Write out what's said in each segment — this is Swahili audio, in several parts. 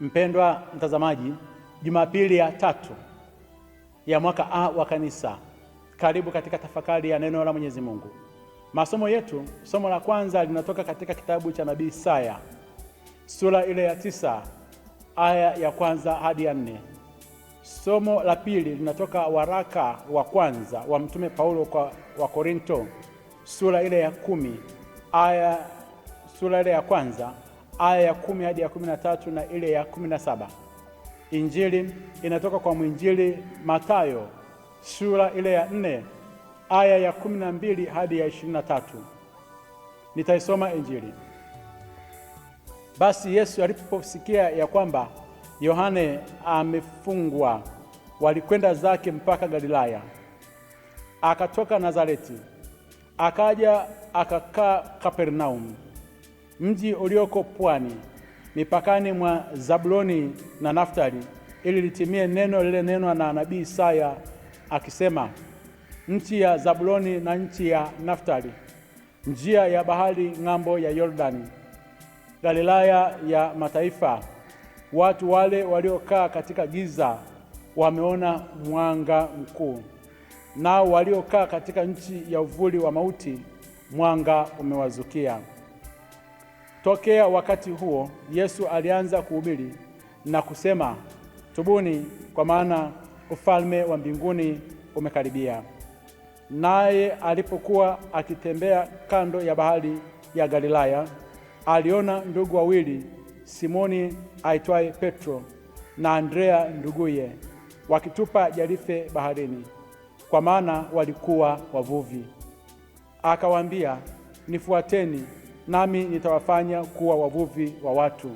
Mpendwa mtazamaji, Jumapili ya tatu ya mwaka A wa kanisa, karibu katika tafakari ya neno la Mwenyezi Mungu. Masomo yetu, somo la kwanza linatoka katika kitabu cha nabii Isaya sura ile ya tisa aya ya kwanza hadi ya nne. Somo la pili linatoka waraka wa kwanza wa mtume Paulo kwa Wakorinto sura ile ya kumi aya sura ile ya kwanza aya ya kumi hadi ya kumi na tatu na ile ya kumi na saba. Injili inatoka kwa mwinjili matayo sura ile ya nne aya ya kumi na mbili hadi ya ishirini na tatu. Nitaisoma Injili. Basi Yesu aliposikia ya kwamba Yohane amefungwa, walikwenda zake mpaka Galilaya. Akatoka Nazareti akaja akakaa kapernaumu mji ulioko pwani mipakani mwa Zabuloni na Naftali, ili litimie neno lile nenwa na nabii Isaya akisema, nchi ya Zabuloni na nchi ya Naftali, njia ya bahari ng'ambo ya Yordani, Galilaya ya mataifa, watu wale waliokaa katika giza wameona mwanga mkuu, nao waliokaa katika nchi ya uvuli wa mauti mwanga umewazukia. Tokea wakati huo Yesu alianza kuhubiri na kusema, tubuni, kwa maana ufalme wa mbinguni umekaribia. Naye alipokuwa akitembea kando ya bahari ya Galilaya, aliona ndugu wawili, Simoni aitwaye Petro na Andrea nduguye, wakitupa jarife baharini, kwa maana walikuwa wavuvi. Akawaambia, nifuateni nami nitawafanya kuwa wavuvi wa watu.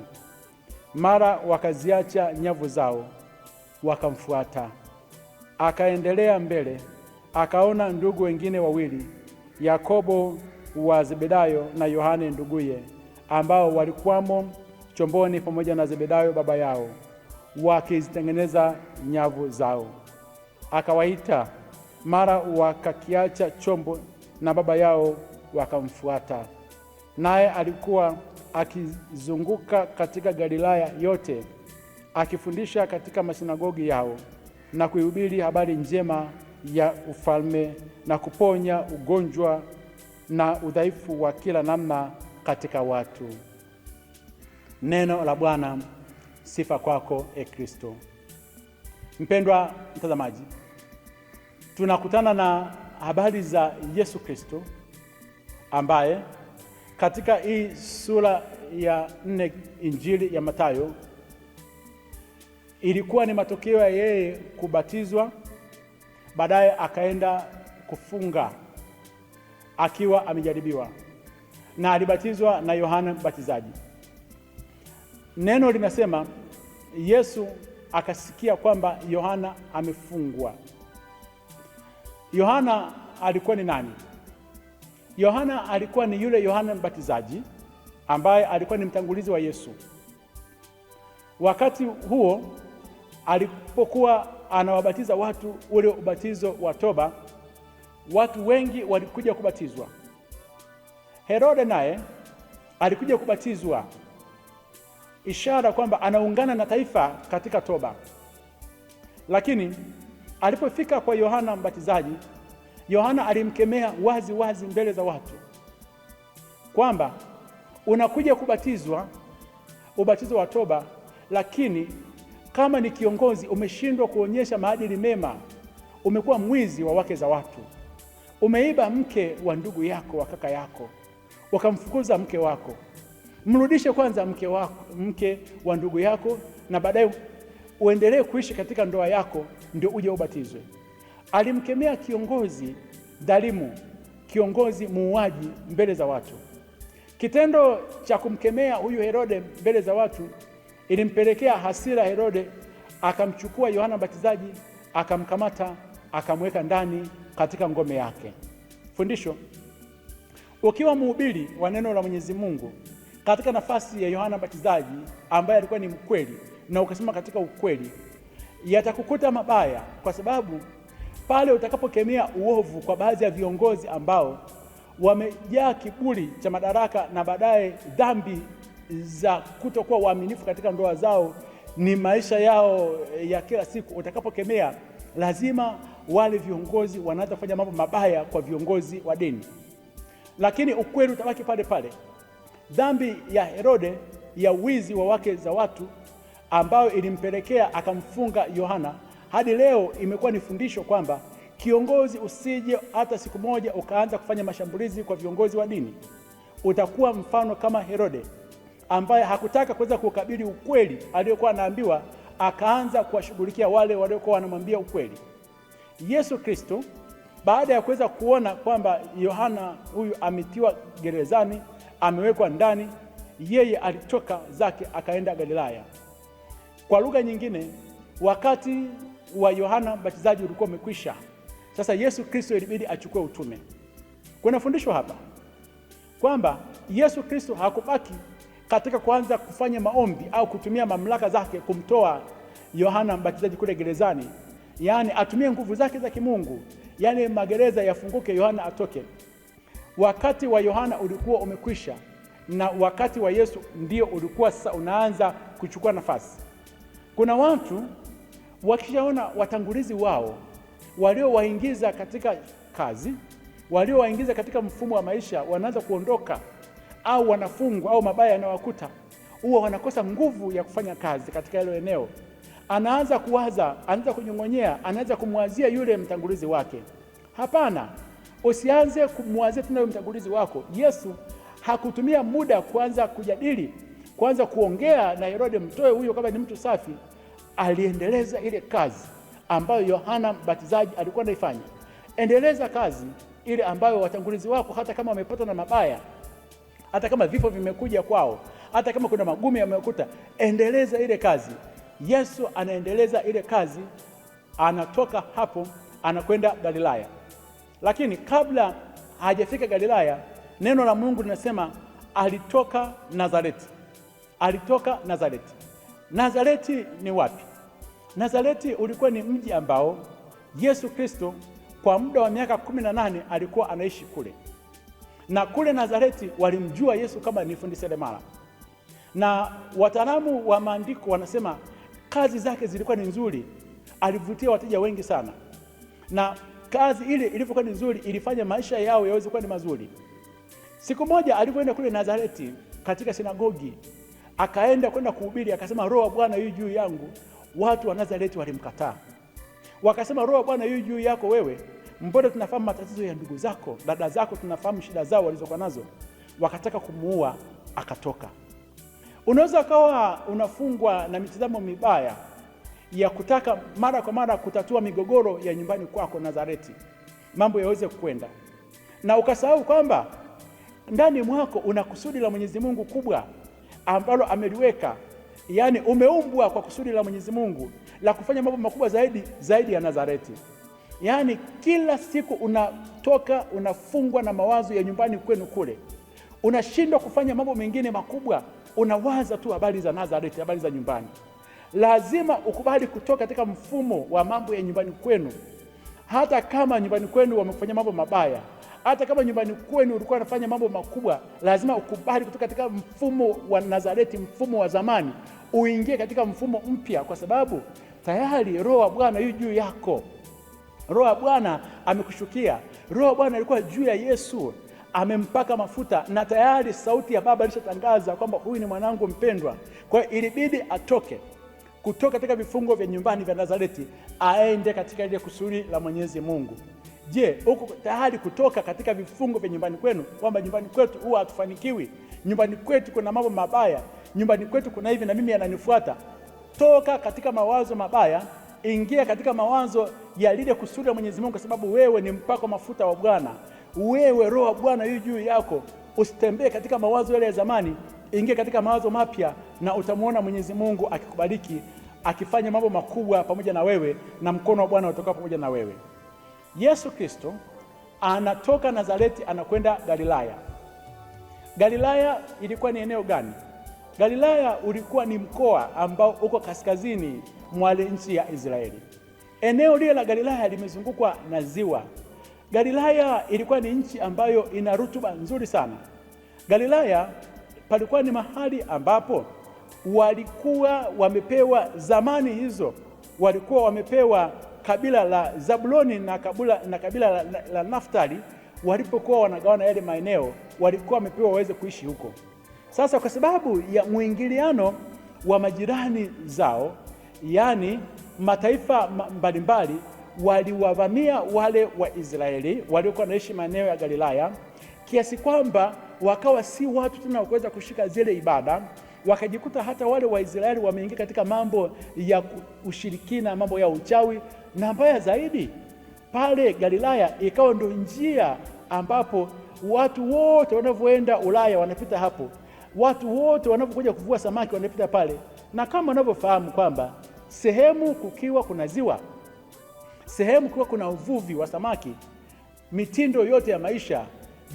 Mara wakaziacha nyavu zao wakamfuata. Akaendelea mbele, akaona ndugu wengine wawili, Yakobo wa Zebedayo na Yohane nduguye, ambao walikuwamo chomboni pamoja na Zebedayo baba yao, wakizitengeneza nyavu zao. Akawaita, mara wakakiacha chombo na baba yao wakamfuata naye alikuwa akizunguka katika Galilaya yote akifundisha katika masinagogi yao na kuihubiri habari njema ya ufalme na kuponya ugonjwa na udhaifu wa kila namna katika watu. Neno la Bwana. Sifa kwako e Kristo. Mpendwa mtazamaji, tunakutana na habari za Yesu Kristo ambaye katika hii sura ya nne Injili ya Mathayo ilikuwa ni matokeo ya yeye kubatizwa, baadaye akaenda kufunga akiwa amejaribiwa, na alibatizwa na Yohana Mbatizaji. Neno linasema Yesu akasikia kwamba Yohana amefungwa. Yohana alikuwa ni nani? Yohana alikuwa ni yule Yohana Mbatizaji ambaye alikuwa ni mtangulizi wa Yesu. Wakati huo alipokuwa anawabatiza watu ule ubatizo wa toba, watu wengi walikuja kubatizwa. Herode naye alikuja kubatizwa, ishara kwamba anaungana na taifa katika toba. Lakini alipofika kwa Yohana Mbatizaji Yohana alimkemea wazi wazi mbele za watu kwamba unakuja kubatizwa ubatizo wa toba, lakini kama ni kiongozi umeshindwa kuonyesha maadili mema, umekuwa mwizi wa wake za watu, umeiba mke wa ndugu yako wa kaka yako, wakamfukuza mke wako. Mrudishe kwanza mke wako, mke wa ndugu yako, na baadaye uendelee kuishi katika ndoa yako, ndio uje ubatizwe. Alimkemea kiongozi dhalimu, kiongozi muuaji mbele za watu. Kitendo cha kumkemea huyu Herode mbele za watu ilimpelekea hasira Herode, akamchukua Yohana Mbatizaji, akamkamata, akamweka ndani katika ngome yake. Fundisho: ukiwa mhubiri wa neno la Mwenyezi Mungu katika nafasi ya Yohana Mbatizaji ambaye alikuwa ni mkweli na ukasema katika ukweli, yatakukuta mabaya, kwa sababu pale utakapokemea uovu kwa baadhi ya viongozi ambao wamejaa kiburi cha madaraka na baadaye dhambi za kutokuwa waaminifu katika ndoa zao ni maisha yao eh, ya kila siku. Utakapokemea lazima wale viongozi wanaanza kufanya mambo mabaya kwa viongozi wa dini, lakini ukweli utabaki pale pale. Dhambi ya Herode ya wizi wa wake za watu ambayo ilimpelekea akamfunga Yohana hadi leo imekuwa ni fundisho kwamba kiongozi usije hata siku moja ukaanza kufanya mashambulizi kwa viongozi wa dini. Utakuwa mfano kama Herode ambaye hakutaka kuweza kukabili ukweli aliyokuwa anaambiwa, akaanza kuwashughulikia wale waliokuwa wanamwambia ukweli. Yesu Kristo baada ya kuweza kuona kwamba Yohana huyu ametiwa gerezani, amewekwa ndani, yeye alitoka zake akaenda Galilaya. Kwa lugha nyingine, wakati wa Yohana Mbatizaji ulikuwa umekwisha. Sasa Yesu Kristo ilibidi achukue utume. kuna fundisho hapa kwamba Yesu Kristo hakubaki katika kuanza kufanya maombi au kutumia mamlaka zake kumtoa Yohana Mbatizaji kule gerezani, yaani atumie nguvu zake za kimungu, yaani magereza yafunguke, Yohana atoke. Wakati wa Yohana ulikuwa umekwisha, na wakati wa Yesu ndio ulikuwa sasa unaanza kuchukua nafasi. Kuna watu wakishaona watangulizi wao waliowaingiza katika kazi, waliowaingiza katika mfumo wa maisha wanaanza kuondoka au wanafungwa au mabaya yanawakuta, huwa wanakosa nguvu ya kufanya kazi katika hilo eneo. Anaanza kuwaza, anaanza kunyong'onyea, anaanza kumwazia yule mtangulizi wake. Hapana, usianze kumwazia tena yule mtangulizi wako. Yesu hakutumia muda kuanza kujadili, kuanza kuongea na Herode mtoe huyo kama ni mtu safi aliendeleza ile kazi ambayo Yohana Mbatizaji alikuwa anaifanya. Endeleza kazi ile ambayo watangulizi wako, hata kama wamepatwa na mabaya, hata kama vifo vimekuja kwao, hata kama kuna magumu yamekuta, endeleza ile kazi. Yesu anaendeleza ile kazi, anatoka hapo anakwenda Galilaya, lakini kabla hajafika Galilaya, neno la Mungu linasema alitoka Nazareti, alitoka Nazareti. Nazareti ni wapi? Nazareti ulikuwa ni mji ambao Yesu Kristo kwa muda wa miaka kumi na nane alikuwa anaishi kule, na kule Nazareti walimjua Yesu kama ni fundi seremala, na wataalamu wa maandiko wanasema kazi zake zilikuwa ni nzuri, alivutia wateja wengi sana, na kazi ile ilivyokuwa ni nzuri ilifanya maisha yao yaweze kuwa ni mazuri. Siku moja alipoenda kule Nazareti katika sinagogi akaenda kwenda kuhubiri, akasema roho wa Bwana yu juu yangu. Watu wa Nazareti walimkataa, wakasema roho wa Bwana yu juu yako wewe, mbona tunafahamu matatizo ya ndugu zako, dada zako, tunafahamu shida zao walizokuwa nazo. Wakataka kumuua, akatoka. Unaweza ukawa unafungwa na mitazamo mibaya ya kutaka mara kwa mara kutatua migogoro ya nyumbani kwako Nazareti, mambo yaweze kwenda, na ukasahau kwamba ndani mwako una kusudi la Mwenyezi Mungu kubwa ambalo ameliweka, yaani umeumbwa kwa kusudi la Mwenyezi Mungu la kufanya mambo makubwa zaidi zaidi ya Nazareti. Yaani kila siku unatoka unafungwa na mawazo ya nyumbani kwenu kule, unashindwa kufanya mambo mengine makubwa, unawaza tu habari za Nazareti, habari za nyumbani. Lazima ukubali kutoka katika mfumo wa mambo ya nyumbani kwenu, hata kama nyumbani kwenu wamefanya mambo mabaya hata kama nyumbani kwenu ulikuwa unafanya mambo makubwa, lazima ukubali kutoka katika mfumo wa Nazareti, mfumo wa zamani, uingie katika mfumo mpya, kwa sababu tayari roho wa Bwana yu juu yako. Roho ya Bwana amekushukia. Roho ya Bwana alikuwa juu ya Yesu, amempaka mafuta, na tayari sauti ya Baba ilishatangaza kwamba huyu ni mwanangu mpendwa. Kwa hiyo ilibidi atoke kutoka katika vifungo vya nyumbani vya Nazareti, aende katika ile kusudi la Mwenyezi Mungu. Je, uko tayari kutoka katika vifungo vya nyumbani kwenu, kwamba nyumbani kwetu huwa hatufanikiwi, nyumbani kwetu kuna mambo mabaya, nyumbani kwetu kuna hivi na mimi yananifuata? Toka katika mawazo mabaya, ingia katika mawazo ya lile kusudi la Mwenyezi Mungu, kwa sababu wewe ni mpako mafuta wa Bwana, wewe roho wa Bwana yu juu yako. Usitembee katika mawazo yale ya zamani, ingia katika mawazo mapya, na utamwona Mwenyezi Mungu akikubariki akifanya mambo makubwa pamoja na wewe, na mkono wa Bwana utakuwa pamoja na wewe. Yesu Kristo anatoka Nazareti anakwenda Galilaya. Galilaya ilikuwa ni eneo gani? Galilaya ulikuwa ni mkoa ambao uko kaskazini mwa nchi ya Israeli. Eneo lile la Galilaya limezungukwa na ziwa. Galilaya ilikuwa ni nchi ambayo ina rutuba nzuri sana. Galilaya palikuwa ni mahali ambapo walikuwa wamepewa zamani hizo, walikuwa wamepewa kabila la Zabuloni na kabila, na kabila la, la, la Naftali walipokuwa wanagawana yale maeneo walikuwa wamepewa waweze kuishi huko. Sasa kwa sababu ya mwingiliano wa majirani zao, yaani mataifa mbalimbali waliwavamia wale Waisraeli waliokuwa wanaishi maeneo ya Galilaya, kiasi kwamba wakawa si watu tena wakuweza kushika zile ibada, wakajikuta hata wale Waisraeli wameingia katika mambo ya ushirikina, mambo ya uchawi na mbaya zaidi, pale Galilaya ikawa ndio njia ambapo watu wote wanavyoenda Ulaya wanapita hapo, watu wote wanavyokuja kuvua samaki wanapita pale, na kama wanavyofahamu kwamba sehemu kukiwa kuna ziwa, sehemu kukiwa kuna uvuvi wa samaki, mitindo yote ya maisha,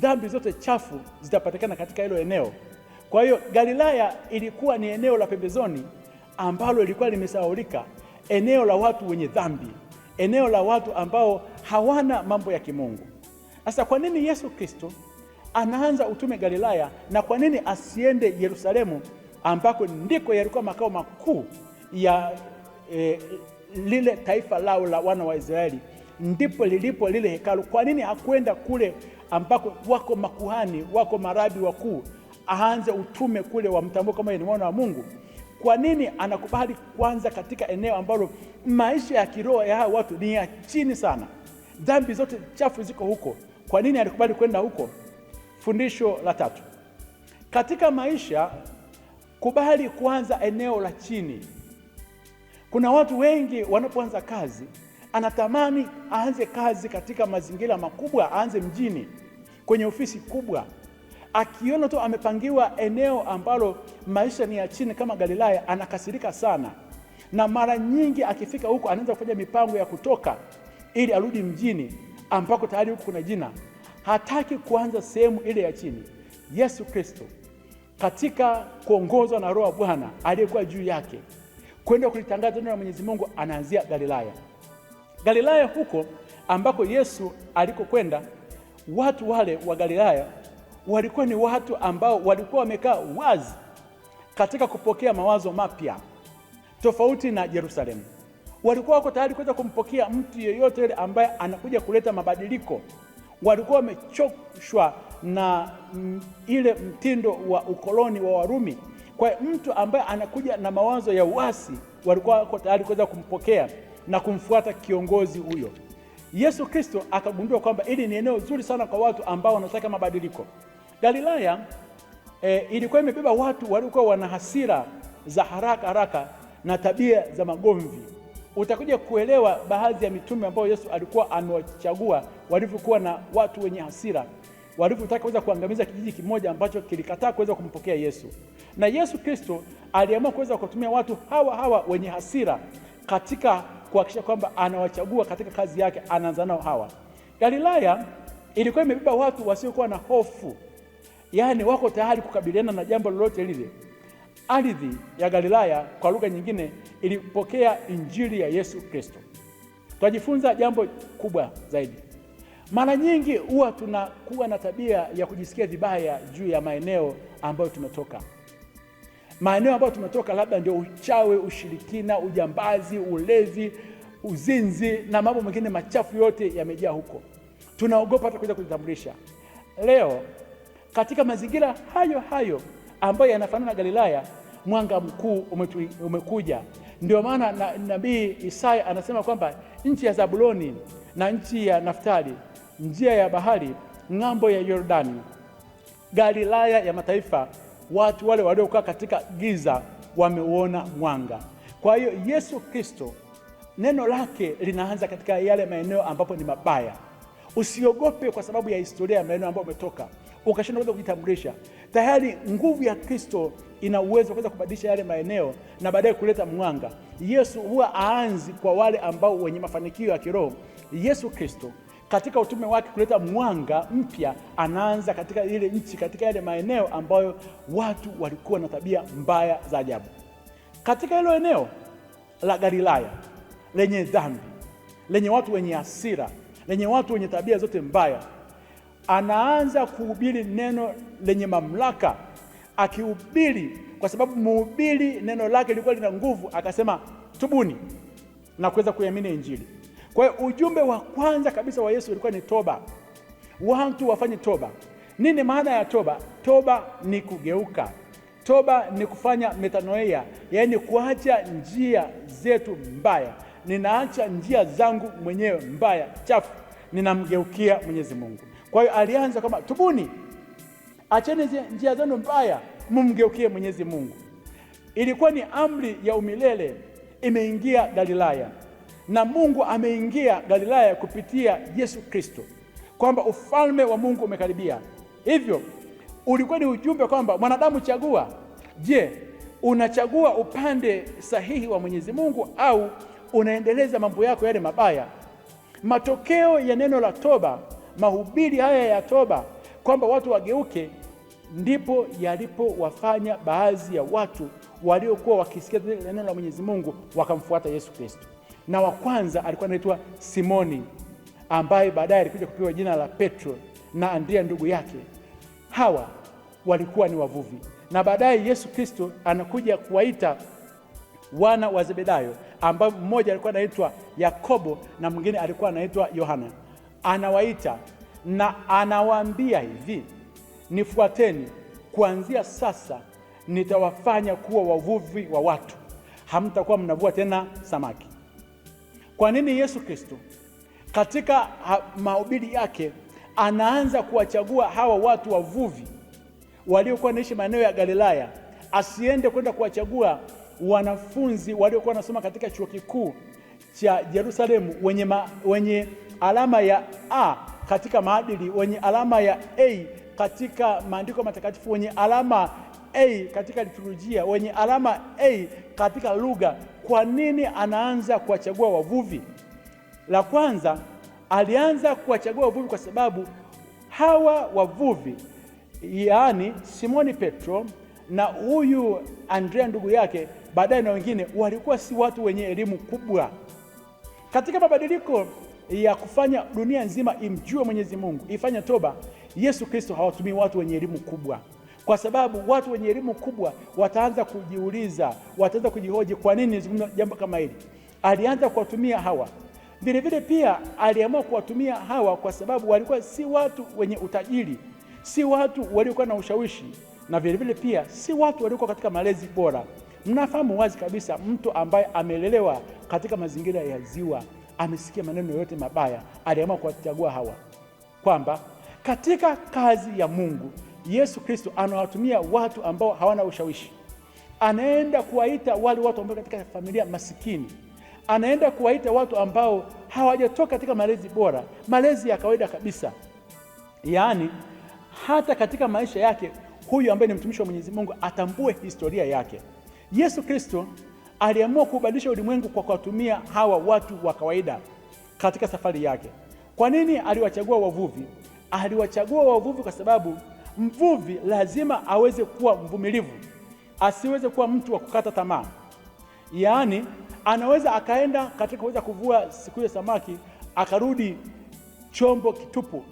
dhambi zote chafu zitapatikana katika hilo eneo. Kwa hiyo Galilaya ilikuwa ni eneo la pembezoni ambalo lilikuwa limesahaulika, eneo la watu wenye dhambi eneo la watu ambao hawana mambo ya kimungu. Sasa kwa nini Yesu Kristo anaanza utume Galilaya na kwa nini asiende Yerusalemu ambako ndiko yalikuwa makao makuu ya e, lile taifa lao la wana wa Israeli, ndipo lilipo lile hekalu. Kwa nini hakwenda kule ambako wako makuhani, wako marabi wakuu, aanze utume kule, wamtambue kama ni mwana wa Mungu? Kwa nini anakubali kwanza katika eneo ambalo maisha ya kiroho ya hao watu ni ya chini sana, dhambi zote chafu ziko huko? Kwa nini alikubali kwenda huko? Fundisho la tatu katika maisha, kubali kuanza eneo la chini. Kuna watu wengi wanapoanza kazi, anatamani aanze kazi katika mazingira makubwa, aanze mjini, kwenye ofisi kubwa akiona tu amepangiwa eneo ambalo maisha ni ya chini kama Galilaya, anakasirika sana, na mara nyingi akifika huko anaanza kufanya mipango ya kutoka ili arudi mjini ambako tayari huko kuna jina. Hataki kuanza sehemu ile ya chini. Yesu Kristo katika kuongozwa na Roho wa Bwana aliyekuwa juu yake kwenda kulitangaza neno la Mwenyezi Mungu, anaanzia Galilaya. Galilaya huko ambako Yesu alikokwenda, watu wale wa Galilaya walikuwa ni watu ambao walikuwa wamekaa wazi katika kupokea mawazo mapya tofauti na Yerusalemu. Walikuwa wako tayari kuweza kumpokea mtu yeyote yule ambaye anakuja kuleta mabadiliko. Walikuwa wamechoshwa na m, mm, ile mtindo wa ukoloni wa Warumi. Kwa mtu ambaye anakuja na mawazo ya uasi, walikuwa wako tayari kuweza kumpokea na kumfuata kiongozi huyo. Yesu Kristo akagundua kwamba ili ni eneo zuri sana kwa watu ambao wanataka mabadiliko. Galilaya e, ilikuwa imebeba watu waliokuwa wana hasira za haraka haraka na tabia za magomvi. Utakuja kuelewa baadhi ya mitume ambao Yesu alikuwa amewachagua walivyokuwa na watu wenye hasira, walivyotaka kuweza kuangamiza kijiji kimoja ambacho kilikataa kuweza kumpokea Yesu. Na Yesu Kristo aliamua kuweza kutumia watu hawa hawa wenye hasira katika kuhakikisha kwamba anawachagua katika kazi yake, anaanza nao hawa. Galilaya ilikuwa imebeba watu wasiokuwa na hofu, yaani wako tayari kukabiliana na jambo lolote lile. Ardhi ya Galilaya kwa lugha nyingine ilipokea injili ya Yesu Kristo. Twajifunza jambo kubwa zaidi. Mara nyingi huwa tunakuwa na tabia ya kujisikia vibaya juu ya maeneo ambayo tumetoka maeneo ambayo tumetoka labda ndio uchawi, ushirikina, ujambazi, ulevi, uzinzi na mambo mengine machafu yote yamejaa huko. Tunaogopa hata kuweza kujitambulisha. Leo katika mazingira hayo hayo ambayo yanafanana na Galilaya, mwanga mkuu umekuja. Ndio maana na, nabii Isaya anasema kwamba nchi ya Zabuloni na nchi ya Naftali, njia ya bahari ng'ambo ya Yordani, Galilaya ya mataifa watu wale waliokaa katika giza wameuona mwanga. Kwa hiyo Yesu Kristo neno lake linaanza katika yale maeneo ambapo ni mabaya. Usiogope kwa sababu ya historia ya maeneo ambayo umetoka ukashindwa kuweza kujitambulisha. Tayari nguvu ya Kristo ina uwezo wa kuweza kubadilisha yale maeneo na baadaye kuleta mwanga. Yesu huwa aanzi kwa wale ambao wenye mafanikio ya kiroho. Yesu Kristo katika utume wake kuleta mwanga mpya. Anaanza katika ile nchi, katika yale maeneo ambayo watu walikuwa na tabia mbaya za ajabu, katika hilo eneo la Galilaya lenye dhambi, lenye watu wenye hasira, lenye watu wenye tabia zote mbaya. Anaanza kuhubiri neno lenye mamlaka, akihubiri kwa sababu mhubiri neno lake lilikuwa lina nguvu, akasema tubuni na kuweza kuiamini Injili. Kwa hiyo ujumbe wa kwanza kabisa wa Yesu ulikuwa ni toba, watu wafanye toba. Nini maana ya toba? Toba ni kugeuka, toba ni kufanya metanoia, yaani kuacha njia zetu mbaya. Ninaacha njia zangu mwenyewe mbaya chafu, ninamgeukia Mwenyezi Mungu. Kwa hiyo alianza kama tubuni, acheni njia zenu mbaya, mumgeukie Mwenyezi Mungu. Ilikuwa ni amri ya umilele imeingia Galilaya na Mungu ameingia Galilaya kupitia Yesu Kristo, kwamba ufalme wa Mungu umekaribia. Hivyo ulikuwa ni ujumbe kwamba mwanadamu, chagua. Je, unachagua upande sahihi wa Mwenyezi Mungu au unaendeleza mambo yako yale mabaya? Matokeo ya neno la toba, mahubiri haya ya toba, kwamba watu wageuke, ndipo yalipowafanya baadhi ya watu waliokuwa wakisikia neno la Mwenyezi Mungu wakamfuata Yesu Kristo na wa kwanza alikuwa anaitwa Simoni ambaye baadaye alikuja kupewa jina la Petro na Andrea ndugu yake. Hawa walikuwa ni wavuvi, na baadaye Yesu Kristo anakuja kuwaita wana wa Zebedayo, ambao mmoja alikuwa anaitwa Yakobo na mwingine alikuwa anaitwa Yohana. Anawaita na anawaambia hivi, nifuateni, kuanzia sasa nitawafanya kuwa wavuvi wa watu, hamtakuwa mnavua tena samaki kwa nini Yesu Kristo katika mahubiri yake anaanza kuwachagua hawa watu wavuvi waliokuwa naishi maeneo ya Galilaya, asiende kwenda kuwachagua wanafunzi waliokuwa wanasoma katika chuo kikuu cha Yerusalemu wenye, ma, wenye alama ya A katika maadili, wenye alama ya A katika maandiko matakatifu, wenye alama A katika liturujia, wenye alama A katika lugha kwa nini anaanza kuwachagua wavuvi? La kwanza, alianza kuwachagua wavuvi kwa sababu hawa wavuvi, yaani Simoni Petro na huyu Andrea ndugu yake baadaye na wengine, walikuwa si watu wenye elimu kubwa. Katika mabadiliko ya kufanya dunia nzima imjue Mwenyezi Mungu, ifanye toba, Yesu Kristo, hawatumii watu wenye elimu kubwa kwa sababu watu wenye elimu kubwa wataanza kujiuliza, wataanza kujihoji, kwa nini nizungumza jambo kama hili? Alianza kuwatumia hawa vilevile. Pia aliamua kuwatumia hawa kwa sababu walikuwa si watu wenye utajiri, si watu waliokuwa na ushawishi, na vilevile pia si watu waliokuwa katika malezi bora. Mnafahamu wazi kabisa, mtu ambaye amelelewa katika mazingira ya ziwa, amesikia maneno yote mabaya, aliamua kuwachagua hawa kwamba katika kazi ya Mungu Yesu Kristo anawatumia watu ambao hawana ushawishi, anaenda kuwaita wale watu ambao katika familia masikini, anaenda kuwaita watu ambao hawajatoka katika malezi bora, malezi ya kawaida kabisa. Yaani hata katika maisha yake huyu ambaye ni mtumishi wa Mwenyezi Mungu atambue historia yake. Yesu Kristo aliamua kubadilisha ulimwengu kwa kuwatumia hawa watu wa kawaida katika safari yake. Kwa nini aliwachagua wavuvi? Aliwachagua wavuvi kwa sababu Mvuvi lazima aweze kuwa mvumilivu, asiweze kuwa mtu wa kukata tamaa. Yaani anaweza akaenda katika kuweza kuvua siku ya samaki akarudi chombo kitupu,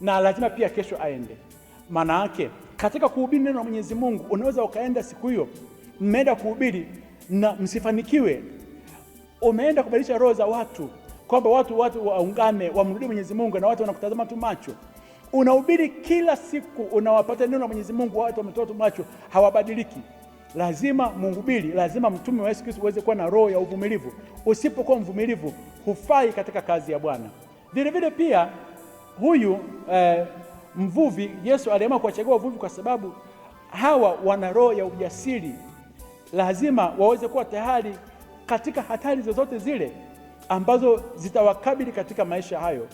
na lazima pia kesho aende. Maana yake katika kuhubiri neno la Mwenyezi Mungu unaweza ukaenda siku hiyo, mmeenda kuhubiri na msifanikiwe, umeenda kubadilisha roho za watu kwamba watu watu waungane wamrudie Mwenyezi Mungu, na watu wanakutazama tu macho unahubiri kila siku, unawapata neno la Mwenyezi Mungu, watu wametoa macho hawabadiliki. Lazima mhubiri, lazima mtume wa Yesu Kristo uweze kuwa na roho ya uvumilivu. Usipokuwa mvumilivu, hufai katika kazi ya Bwana. Vilevile pia huyu eh, mvuvi Yesu aliamua kuwachagua wavuvi kwa sababu hawa wana roho ya ujasiri. Lazima waweze kuwa tayari katika hatari zozote zile ambazo zitawakabili katika maisha hayo.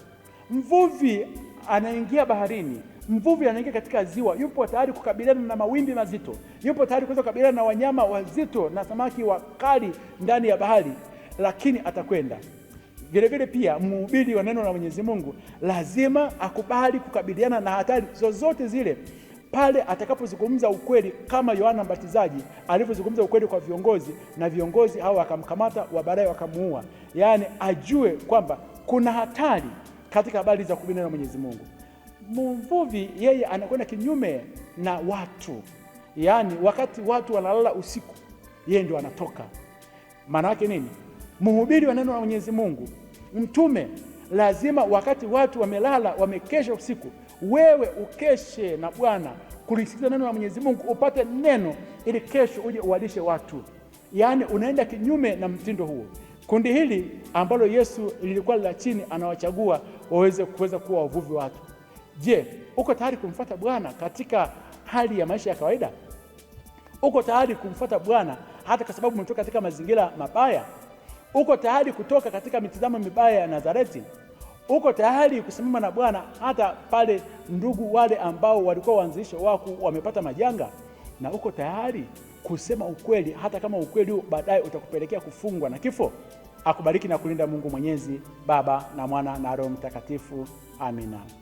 Mvuvi anaingia baharini, mvuvi anaingia katika ziwa, yupo tayari kukabiliana na mawimbi mazito, yupo tayari kuweza kukabiliana na wanyama wazito na samaki wakali ndani ya bahari, lakini atakwenda vilevile. Pia mhubiri wa neno la Mwenyezi Mungu lazima akubali kukabiliana na hatari zozote zile pale atakapozungumza ukweli kama Yohana Mbatizaji alivyozungumza ukweli kwa viongozi na viongozi hao wakamkamata, wa baadaye wakamuua. Yaani ajue kwamba kuna hatari katika habari za kubiri na Mwenyezi Mungu. Mvuvi yeye anakwenda kinyume na watu, yaani wakati watu wanalala usiku, yeye ndio anatoka. Maana yake nini? Mhubiri wa neno la Mwenyezi Mungu, mtume, lazima wakati watu wamelala, wamekesha usiku, wewe ukeshe na Bwana kulisikiza neno la Mwenyezi Mungu, upate neno ili kesho uje uwalishe watu. Yaani unaenda kinyume na mtindo huo. Kundi hili ambalo Yesu lilikuwa la chini, anawachagua waweze kuweza kuwa wavuvi wake. Je, uko tayari kumfuata Bwana katika hali ya maisha ya kawaida? Uko tayari kumfuata Bwana hata kwa sababu umetoka katika mazingira mabaya? Uko tayari kutoka katika mitazamo mibaya ya Nazareti? Uko tayari kusimama na Bwana hata pale ndugu wale ambao walikuwa waanzisho wako wamepata majanga? Na uko tayari kusema ukweli hata kama ukweli huo baadaye utakupelekea kufungwa na kifo? Akubariki na kulinda Mungu Mwenyezi, Baba na Mwana na Roho Mtakatifu. Amina.